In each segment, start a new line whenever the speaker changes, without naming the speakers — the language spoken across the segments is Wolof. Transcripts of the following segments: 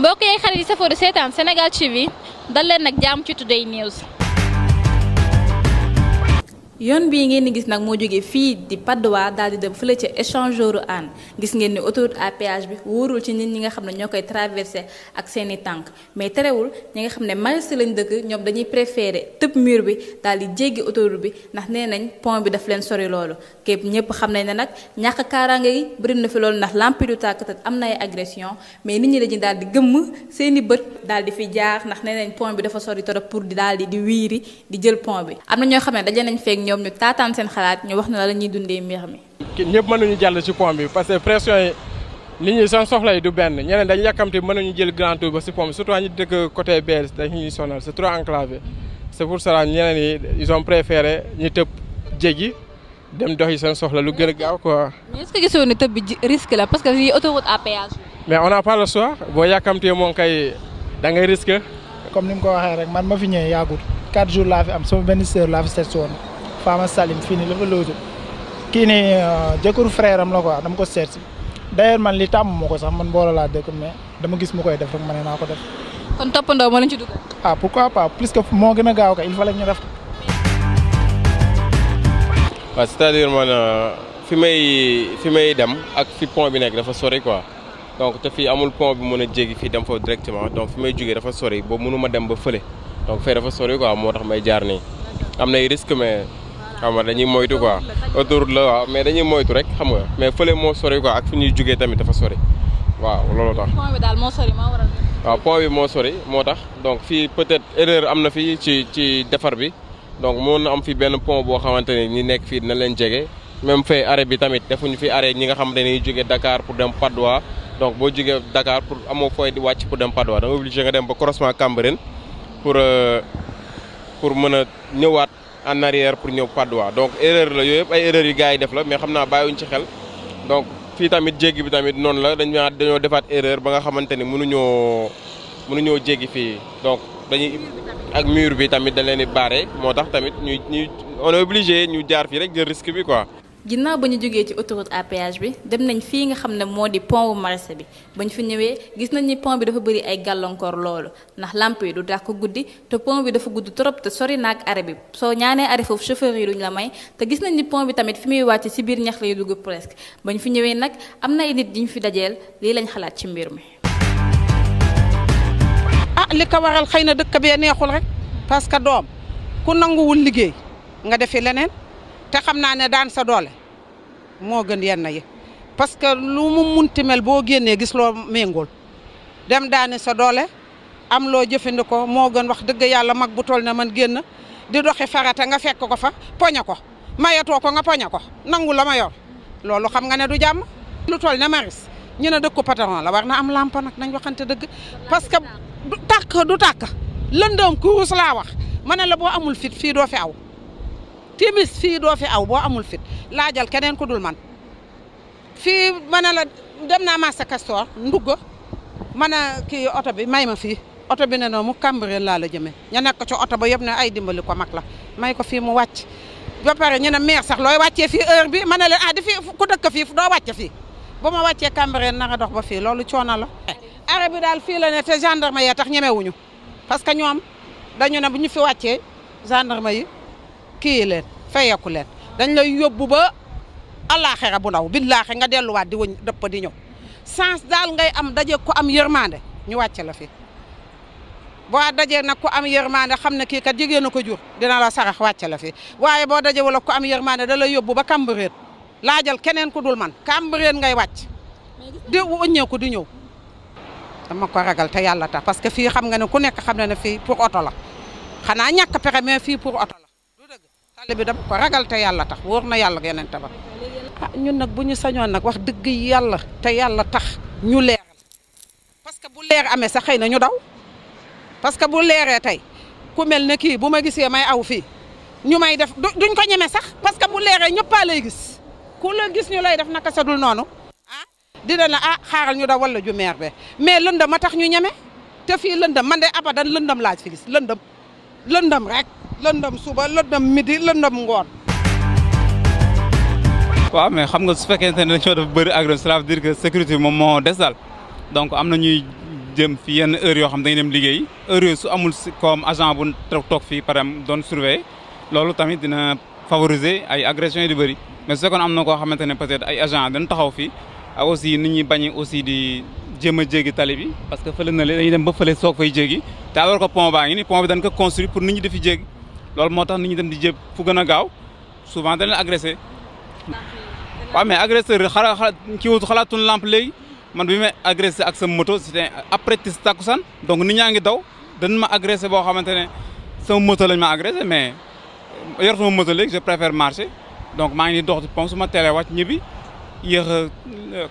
mbokk yeeg xarit yi safoo di seetaan Sénégal TV dal leen nag jàmm ci Today News yoon bii ngeen di gis nag moo jógee fii di Padoa daal di dem fële ca échangeur Hann gis ngeen ne autoroute à péage bi wóorul ci nit ñi nga xam ne ñoo koy traversé ak seeni i tànk mais terewul ñi nga xam ne marché lañ dëkk ñoom dañuy préféré tëb mur bi daal di jéggi autoroute bi ndax nee nañ pont bi daf leen sori loolu képp ñëpp xam nañ ne nag ñàkk kaaraange yi bëri na fi loolu ndax lampi du tàkk te am na ay agression mais nit ñi dañuy daal di gëmm seeni i bët daal di fi jaar ndax nee nañ pont bi dafa sori torop pour di daal di di wiiri jël pont bi am na ñoo xam ñom ñu taataan seen xalaat ñu wax na la ñuy dundé mbir mi.
ñepp mënu ñu jall ci pont bi parce que pression yi nit ñi seen soxla yi du benn ñeneen dañu yàkkamti ñu jël grand tour ba ci pont bi surtout ñi dëkk côté BS dañuy sonal c'est trop enclavé c'est pour cela ñeneen yi ils ont préféré ñu tëb jéggi dem doxi seen soxla lu gën a gaaw quoi.
mais est-ce que gisoo ne tëb risque la parce que lii autoroute à péage.
mais on a pas le choix boo yàkkamtee moom kay da ngay risque. comme ni mu ko waxee rek man ma fi ñëwee yàggul 4 jours laa fi am sama benn sœur laa fi seet woon Fama Salim fini nii la fa looju kii nii euh, frère am la quoi dama ko seet si d'ailleurs man li tam moko sax man mbooloo laa dëkk mais dama gis mu koy def rek mané ne ko def.
kon ndaw mo leen ci dugal.
ah pourquoi pas plus que mo gëna a gaaw kay il fallait ñu def. pas c'est-à-dire man euh, fi may fi may dem ak fi pont bi nek dafa sori quoi donc te fi amul pont bi mën a fi dem fo directement donc fi may jógee dafa sori bo mënu dem ba feulé donc fee dafa sori quoi motax may jaar ni amna risque mais. xam nga dañuy moytu quoi autoroute la waaw mais dañuy moytu rek xam nga mais fële moo sori quoi ak fu ñuy jugee tamit dafa sori waaw loolu tax.
pont
bi moo sori moo waaw tax donc fii peut-être erreur am na fii ci ci defar bi donc mën na am fi benn pont boo xamante ne ñi nekk fii dina leen jege même fay bi tamit defuñu fi arrêt ñi nga xam dañuy jóge Dakar pour dem Patte boo jógee Dakar pour amoo fooy di wàcc pour dem Patte d'Oie da nga obligé dem ba croisement Cambérène pour euh, pour mën a ñëwaat. en arrière pour ñëw Patte donc erreur la yoyep ay erreur yu gaay def la mais xamna bayuñ ci xel donc fi tamit djegi bi tamit non la dañu dañu defat erreur ba nga xamante ni mënuñoo mënuñoo jéggi fii donc dañuy ak mur bi tamit dañ leen di barré motax tamit ñuy ñuy on est obligé ñu jaar fi rek de risque bi quoi
ginnaaw ba ñu jógee ci autoroute à bi dem nañ fii nga xam ne moo di pont wu Marché bi ba ñu fi ñëwee gis nañ ni pont bi dafa bëri ay gàllankoor loolu ndax lamp yi du ko guddi te pont bi dafa gudd trop te sori naag arrêt bi soo ñaanee arrêt foofu chauffeur yi duñ la may te gis nañ ni pont bi tamit fi muy wàcc ci biir ñax lay dugg presque ba ñu fi ñëwee nag am na ay nit ñu fi dajeel lii lañ xalaat ci mbir mi.
ah li ko waral xëy na dëkk bee neexul rek parce que doom ku nanguwul liggéey nga defee leneen. te xam naa ne daan sa doole moo gën yenn yi parce que lu mu munti mel boo génnee gis loo méngool dem daane sa doole am loo jëfandikoo moo gën wax dëgg yàlla mag bu toll ne man génn di doxi farata nga fekk ko fa poña ko mayatoo ko nga poña ko nangu la ma yor loolu xam nga ne du jàmm lu toll ne maris ñu ne dëkku patron la war na am lampe nag nañ waxante dëgg parce que du tàkk du tak lëndëm kuruus laa wax ma ne la boo amul fit fii doo fi aw timis fii doo fi aw boo amul fit laajal keneen ku dul man fii ma ne la dem naa masa Castor ndugg ma ne kii oto bi may ma fii oto bi ne noo mu Cambérène laa la jëmee ña nekk ci oto ba yëpp ne ay dimbali ko mag la may ko fii mu wàcc ba pare ñu ne maire sax looy wàccee fii heure bi ma la leen ah di fii ku dëkk fii doo wàcce fii bu ma wàccee Cambérène na nga dox ba fii loolu coono la arrêt bi daal fii la ne te ma yee tax ñemewuñu parce que ñoom dañu ne bu ñu fi wàccee gendarme yi kii leen fayeku leen dañ lay yóbbu ba alaaxira bu ndaw billaahi nga delluwaat di wëñ dëpp di ñëw sans daal ngay am daje ko am yërmande ñu wàcce la fi boo dajee nag ku am yërmande xam na kii ka jigéen a ko jur dina la sarax wàcce la fi waaye boo daje wala ko am yërmande da lay yóbbu ba Cambérène laajal keneen ku dul man Cambérène ngay wàcc di wëññeeku di ñëw dama ko ragal te yàlla tax parce que fi xam nga ne ku nekk xam na ne fii pour oto la xanaa xale bi dama ko ragal te yàlla tax wóor na yàlla yeneen tabax ah ñun nag bu ñu sañoon nag wax dëgg yàlla te yàlla tax ñu leeral parce que bu leer amee sax xëy na ñu daw parce que bu leeree tey ku mel ne kii bu ma gisee may aw fii ñu may def duñ ko ñeme sax parce que bu leeree ñëppaa lay gis ku la gis ñu lay def na sadul noonu ah dina la ah xaaral ñu daw wala ju meer be mais lëndam ma tax ñu ñeme te fii lëndam man de abadan lëndam laaj fi gis lëndam lëndëm rek lëndëm suba lëndëm midi lëndëm ngoon.
waaw mais xam nga su fekkente ne dañoo def bëri agro cela veut dire que sécurité moom moo des daal donc am na ñuy jëm fi yenn heure yoo xam dañuy dem liggéey heure yooyu su amul comme agent bu toog fii par exemple doon surveiller loolu tamit dina favoriser ay agressions yu di bëri mais su fekkoon am na koo xamante ne peut-être ay agent dañ taxaw fii aussi nit ñi bañ aussi di. jéem a jéggi tali bi parce que fële na leen dañuy dem ba fële soog fay jéggi te alors que pont baa ngi ni pont bi dañ ko construire pour nit ñi dafi jéggi loolu moo tax nit ñi dem di jéeg fu gën a gaaw souvent dañ leen agressé. waaw mais agresseur yi xala xala kii wut xalaatuñ lampe léegi man bi may agressé ak sa moto c'était après tis takkusaan donc nit ñaa ngi daw dañ ma agressé boo xamante ne sama moto lañ ma agressé mais yor sama moto léegi je préfère marcher donc maa ngi dox ci pont su ma teelee wàcc ñibbi yéex a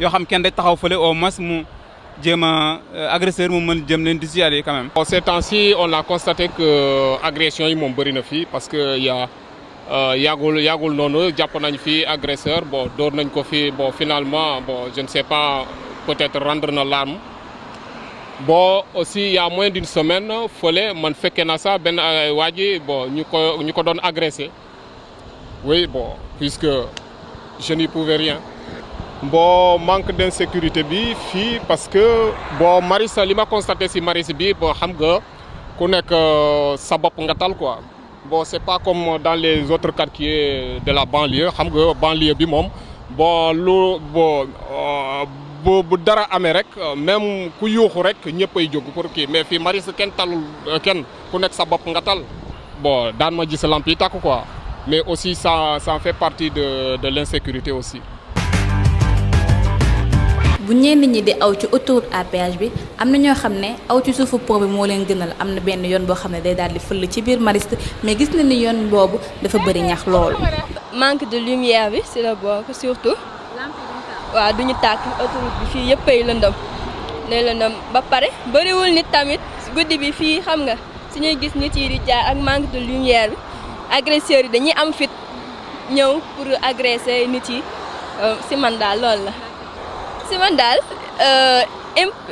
yo xam kenn day taxaw feulé au moins mu djema euh, agresseur mu meun djem len di
siyaale quand même. bon ces temps-ci on a constaté que euh, agression yi mom bëri na fii parce que il y a euh, yàggul yàggul noonu jàpp nañ fi agresseur bon dóor nañ ko fi bon finalement bon je ne sais pas peut-être rendre na l'arme. bon aussi il y a moins d'une semaine feulé man fekkee na sax ben waa ji bon ñu ko ñu ko agressé oui bon puisque je n'y pouvais rien bon manque d'insécurité bi fi parce que bon maris li ma constaté si maris bi bon xam nga ku nek euh, sa bop nga tal quoi bon c'est pas comme dans les autres quartiers de la banlieue xam nga banlieue bi mom bon lu bon euh, bu bu dara amé rek même ku yuxu rek ñeppay ay jóg pour kii mais fi maris ken talul euh, ken ku nek sa bop nga tal bon daan ma gis lamp tak quoi mais aussi ça ça fait partie de de l'insécurité aussi
bu ñenn ñi di aw ci autour à péage bi amna ño xamné aw ci suufu pont bi mo leen gënal amna benn yoon bo xamné day daal di feul ci biir mariste mais gis na ni yoon bobu dafa bëri ñax lool
manque de lumière bi si la bokk surtout wa duñu tak autour bi fii yëpp ay né day lëndëm ba bëri wul nit tamit guddi bi fii xam nga suñuy gis nit yi di jaar ak manque de lumière bi agresseurs yi dañuy am fit ñew pour agresser nit yi ci euh, man daal lool la si man daal euh,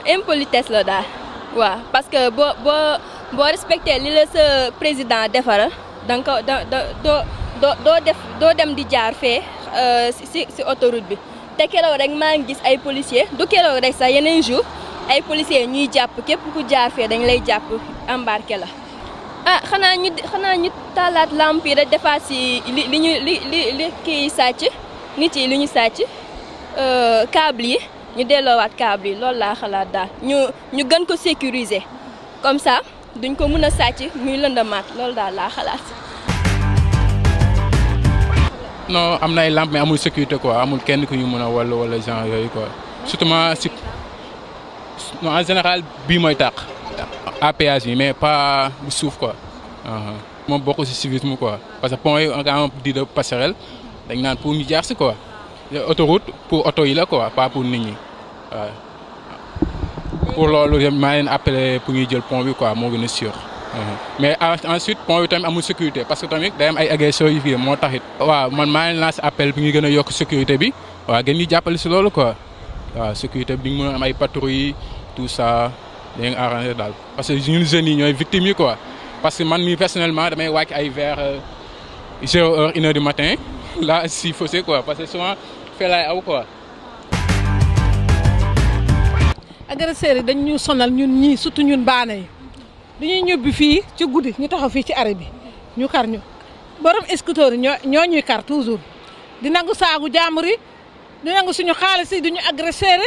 impolitesse la daal waaw parce que boo boo boo respecté li la sa président defaral danga ko da doo doo doo def doo dem di jaar fee euh, si si autoroute bi te keroog rek maa ngi gis ay policiers du keroog rek sax yeneen jour ay policiers ñuy jàpp képp ku jaar fee dañ lay jàpp embarqué la. a ah, xanaa ñu xanaa ñu taalaat lamp yi rek defaat si li li ñu li li li kii sàcc nit yi li ñu sàcc. Euh, câble yi ñu wat câble yi loolu laa xalaat daal ñu ñu gën ko sécuriser comme ça duñ ko mëna a sàcc muy lëndamaat lool da la xalat
non am na ay lampe mais amul sécurité quoi amul kenn ku ñu mëna a wala genre yoy quoi surtout si non en général bi moy tak à péage mais pas bu suuf quoi. Uh-huh. moom bokku ci civisme quoi parce que pont yi on dit de passerelle dañ nan pour ñu jaar ci quoi autoroute pour oto yi la quoi pas pour nit ñi waaw. pour loolu maa leen appelé pour ñuy jël pont bi quoi moo gën sûr. mais ensuite pont bi tamit amul sécurité parce que tamit day am ay agressions yu fi moo taxit. waaw man maa leen lancé appel bi ñu gën a sécurité bi waaw gën ñu jàppale si loolu quoi waaw sécurité bi ñu mën a am ay patrouilles tout ça dañu arrangé daal parce que ñun jeunes yi ñooy victimes yi quoi parce que man mi personnellement damay wàcc ay vers 1h euh, du matin là si fossé quoi parce que souvent. laay aw quoi.
agresseurs yi dañ ñu sonal ñun ñii surtout ñun baana yi dañuy ñubbi fii ci guddi ñu taxaw fii ci arrêt bi ñu kar ñu borom escouteur yi ñoo ñuy kar toujours di nangu saagu jàmbur yi di nangu suñu xaalis yi duñu agresseur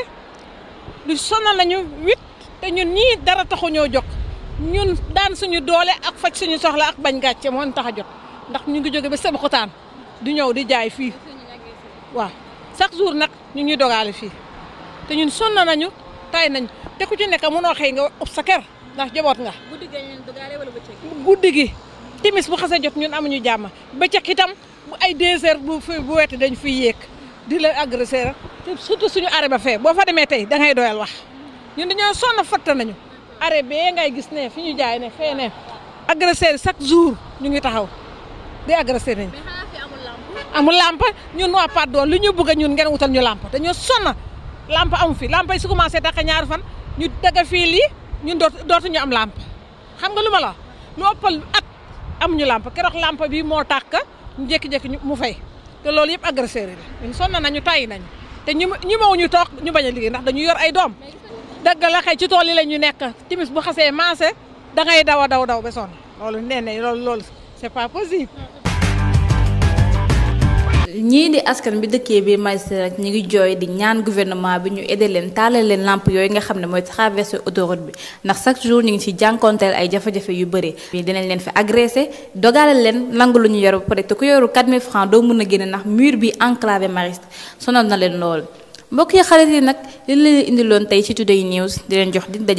du sonal nañu wit te ñun ñii dara taxu ñoo jox ñun daan suñu doole ak faj suñu soxla ak bañ gàcce moon tax a jox ndax ñu ngi jóge ba Sébikotane du ñëw di jaay fii waa chaque jour nag ñu ñuy dogaale fii te ñun sonn nañu tay nañ te ku ci nekk mënoo xëy nga ub sa kër ndax jaboot nga.
guddi gi leen dogaale wala bëccëg.
guddi gi timis bu xasee jot ñun amuñu jàmm bëccëg itam bu ay deux heures bu fi dañu wette yéeg di la agressé te surtout suñu arrêt ba fee boo fa demee tey da ngay doyal wax ñun di dañoo sonn fatta nañu arrêt bee ngay gis ne fi ñu jaay ne fee ne agressé chaque jour ñu ngi taxaw di agressé nañu. Amu lampa ñun waa Patte d'Oie li ñu bëgg ñun ngeen wutal ñu lampe dañoo sonn lampe amu fi lampa su commencé takk ñaar fan ñu daga fi li ñun ñu am lampe xam nga luma la lu ëppal at ñu lampa bi mo tàkk ñu jek jékki mu fay te lool yëp agresseur yi la ñun sonn nañu tàyyi nañu te ñu ñu maw ñu tok ñu baña a ndax dañu yor ay dom dëgg la xey ci tool li lañu nekk timis bu xasse mancé da ngay daw daw daw be son lool ne lool c'est pas possible
ñi di askan bi dëkkee bi Maristes rek ngi jooy di ñaan gouvernement bi ñu aider leen taalal leen lamp yooyu nga xam ne mooy traversé chaque jour ñu ngi ci jànkonteel ay jafe-jafe yu bëri. dinañ leen fi agressé dogalal leen ñu yor ku yoru francs mur na lool. mbokk ci Today News di